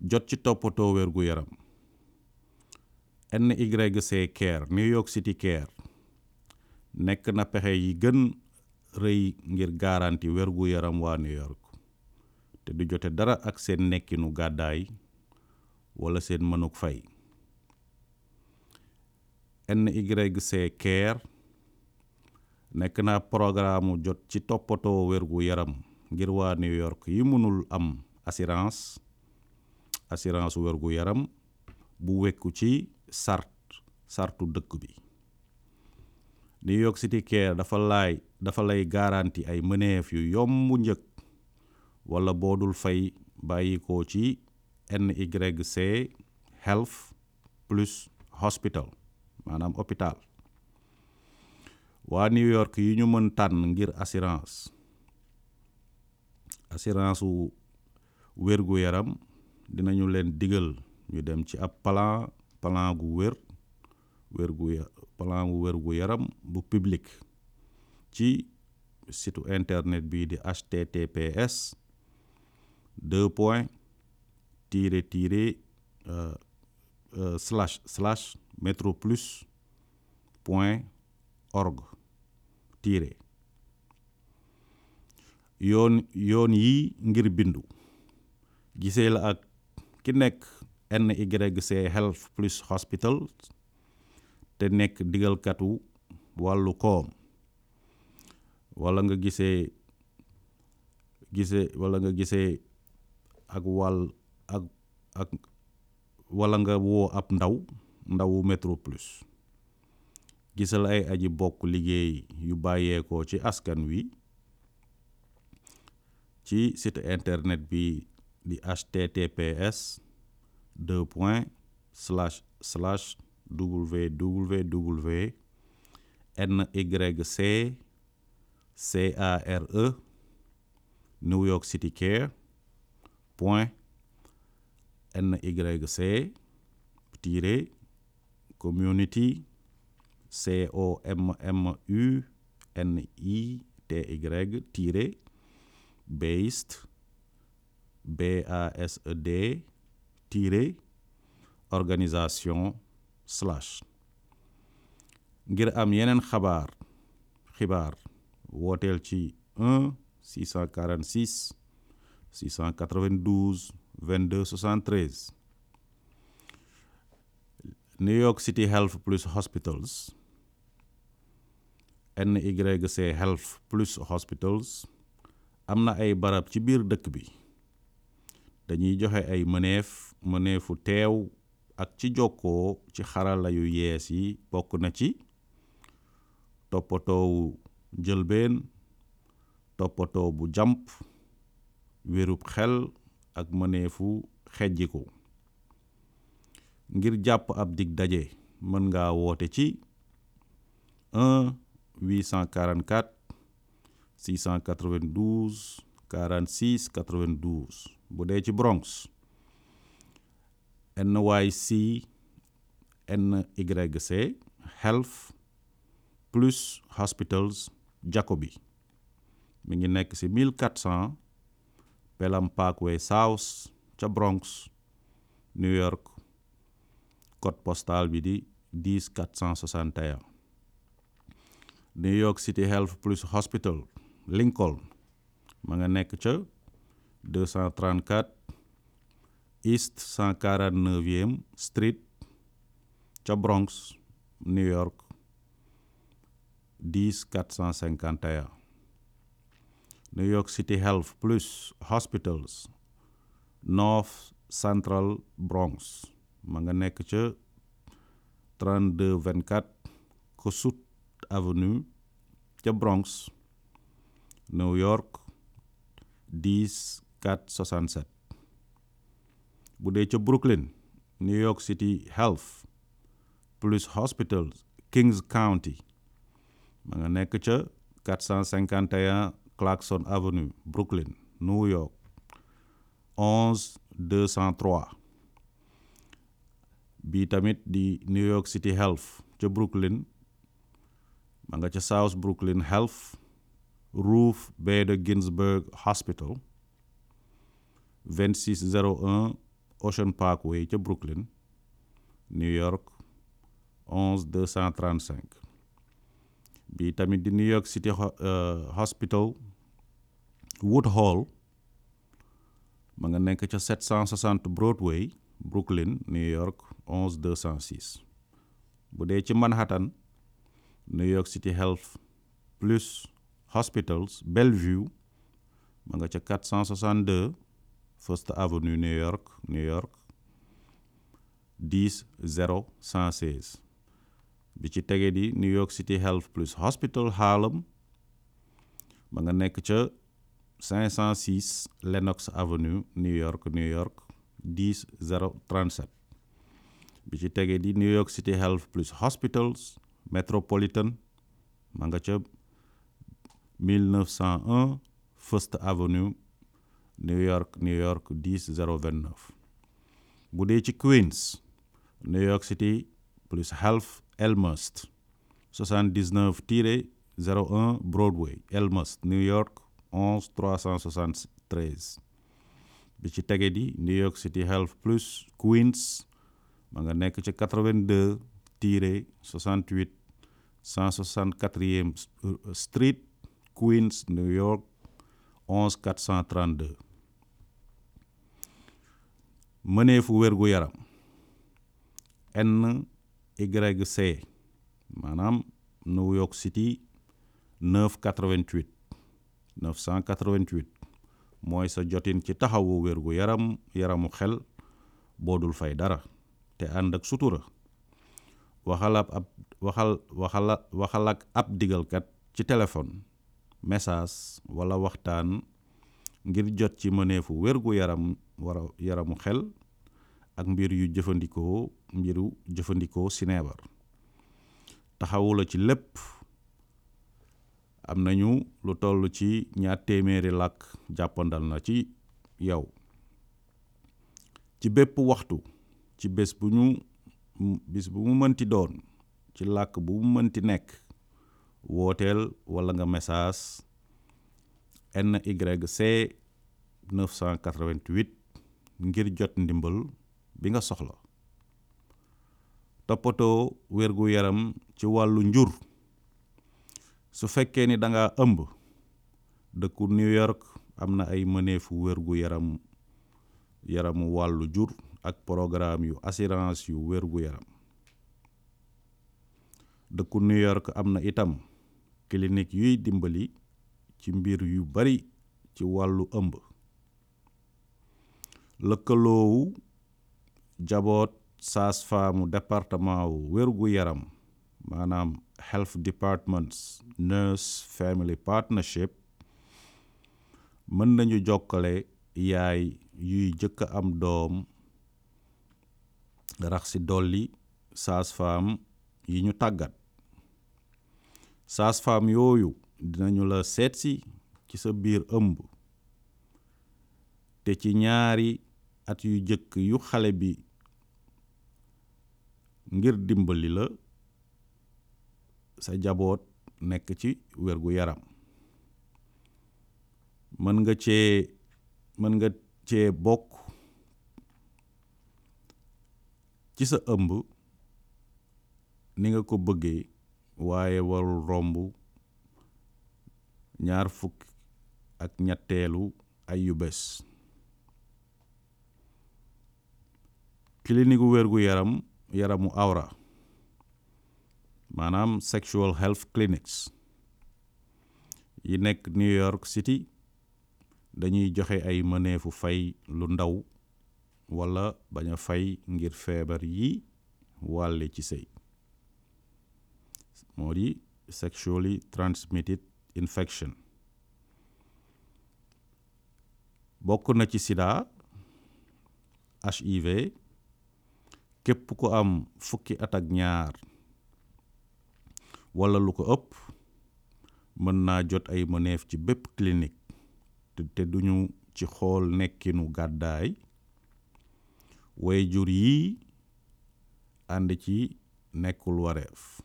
jot ci toppatoo wérgu yaram NYC Care New York City Care nekk na pexe yi gën rëy ngir garanti wérgu yaram waa New York te du jote dara ak seen nekkinu gàddaay wala seen mënuk fay NYC Care nekk na programme jot ci toppatoo wérgu yaram ngir waa New York yi mënul am assurance assurance wergu yaram bu wekku ci sart sartu dëkk bi New York City Care dafa laay dafa lay garanti ay mëneef yu yomb njëkk wala boo dul fay bàyyi ko ci NYC Health plus Hospital maanaam hôpital waa New York yi ñu mën tànn ngir assurance assurance wu wérgu yaram dinañu leen digal ñu dem ci ab plan plan gu wér gu yaram bu public ci site internet bii di https deux point tiré tiré euh, euh, slash slash metroplus point org tiré yoon yoon yi ngir bindu gisee la ak ki nekk NYC Health Plus Hospital te nekk digalkatu wàllu koom wala nga gisee gisee walla nga gisee ak wàll ak ak wala nga woo ab ndaw ndawu metroplus Plus gisal ay aji bokk liggéey yu bàyyeekoo ci askan wi ci site internet bi di https deux point slash slash www nyc care new york city care point nyc tiret community c o m m u n i t based BASED tiret organisation slash ngir am yeneen xabaar xibaar wooteel ci 1 646 692 22 73 New York City Health Plus Hospitals NYC Health Plus Hospitals am na ay barab ci biir dëkk bi dañuy joxe ay mëneef mëneefu teew ak ci jokkoo ci xarala yu yees yi bokk na ci toppatoowu jëlbeen toppatoo bu jàmp wérub xel ak mëneefu xejjiku ngir jàpp ab digg daje mën ngaa woote ci 1 844 692 46 92 bu dee ci Bronx NYCNYC health plus hospitals Jacobi mu ngi nekk ci 1400 Pelham Parkway South ca Bronx New York code postal bi di 10 461 New York City Health plus Hospital Lincoln ma nga nekk ca 234 East 149e Street ca Bronx New York 10 451 New York City Health Plus Hospitals North Central Bronx ma nga nekk ca 32 24 Kossuth Avenue ca Bronx New York 10 467 bu dee ca Brooklyn New York City Health plus Hospital Kings County ma nga nekk ca 451 Clarkson Avenue Brooklyn New York 11 203 bii tamit di New York City Health ca Brooklyn ma nga ca South Brooklyn Health Ruth Bader Ginsburg Hospital 26 01 Ocean Parkway ca Brooklyn New York trent cinq bii tamit di New York City euh, Hospital Woodhall ma nga nekk ca 760 Broadway Brooklyn New York cent 206 bu dee ci Manhattan New York City Health Plus Hospitals Bellevue ma nga ca 462 First Avenue New York New York 10 0 116 bi ci tegee di New York City Health Plus Hospital Harlem ba nga nekk ca 506 lennox Avenue New York New York 10 037 bi ci tegee di New York City Health Plus Hospitals Metropolitan ma nga ca 1901 First Avenue New York New York 10 029 bu dee ci Queens New York City plus Half Elmhurst 79 tiré 01 Broadway Elmhurst New York 11 373 bi ci tege di New York City Half plus Queens ma nga nekk ci 82 tiré 68 164e Street Queens New York 11 432 mëneefu wérgu yaram NYC maanaam New York City 988 mooy sa jotin ci taxawu wérgu yaram yaramu xel boodul fay dara te ànd ak sutura waxal ab waxal waxal ab digalkat ci téléphone message wala waxtaan ngir jot ci mëneefu wérgu yaram war yaramu xel ak mbir yu jëfandikoo mbiru jëfandikoo sineebar taxawu la ci lépp am nañu lu toll ci ñaar téeméeri làkk jàppandal na ci yow ci bépp waxtu ci bés bu ñu bis bu mu mënti doon ci làkk bu mu mënti nekk wooteel walla nga message NYC 988 ngir jot ndimbal bi nga soxla toppatoo wérgu yaram ci wàllu njur su fekkee ni da nga ëmb dëkku New York am na ay mëneefu wérgu yaram yaramu wàllu jur ak programme yu assurance yu wérgu yaram dëkku New York am na itam clinique yuy dimbali ci mbir yu bari ci wàllu ëmb lëkkaloowu jaboot saas faamu département wu wérgu yaram maanaam health departments nurse family partnership mën nañu jokkale yaay yuy jëkk a am doom rax ci dolli saas faam yi ñu tàggat saas faam yooyu dinañu la seetsi ci sa biir ëmb te ci ñaari at yu jëkk yu xale bi ngir dimbali la sa jaboot nekk ci wérgu yaram mën nga cee mën nga cee bokk ci sa ëmb ni nga ko bëggee waaye warul romb ñaar fukk ak ñetteelu ayubés clinique wérgu yaram yaramu awra maanaam sexual health clinics yi nekk New York City dañuy joxe ay mëneefu fay lu ndaw wala bañ a fay ngir feebar yi wàlle ci sëy moo di sexually transmitted infection bokk na ci sida hiv képp ku am fukki at ak ñaar wala lu ko ëpp mën naa jot ay mëneef ci bépp clinique te du ñu ci xool nekkinu gàddaay way yi ànd ci nekkul wareef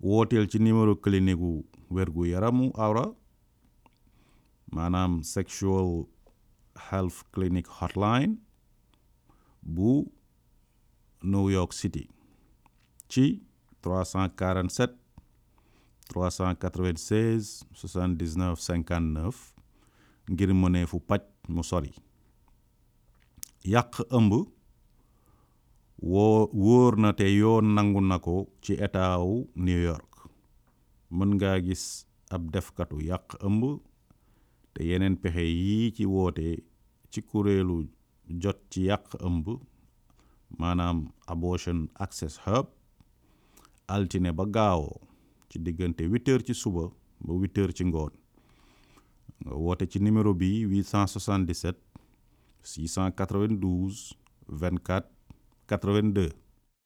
wooteel ci numéro clinique gu wergu yaramu awra maanaam sexual health clinic hotline bu New York City ci 347 396 79 59 ngir mënee paj mu sori yàq ëmb woo wóor na te yoon nangu na ko ci état wu New York mën ngaa gis ab defkatu yàq ëmb te yeneen pexe yii ci woote ci kuréelu jot ci yàq ëmb maanaam abortion access hub altine ba gaawoo ci diggante huit ci suba ba huit ci ngoon nga woote ci numéro bi 877 692 24 82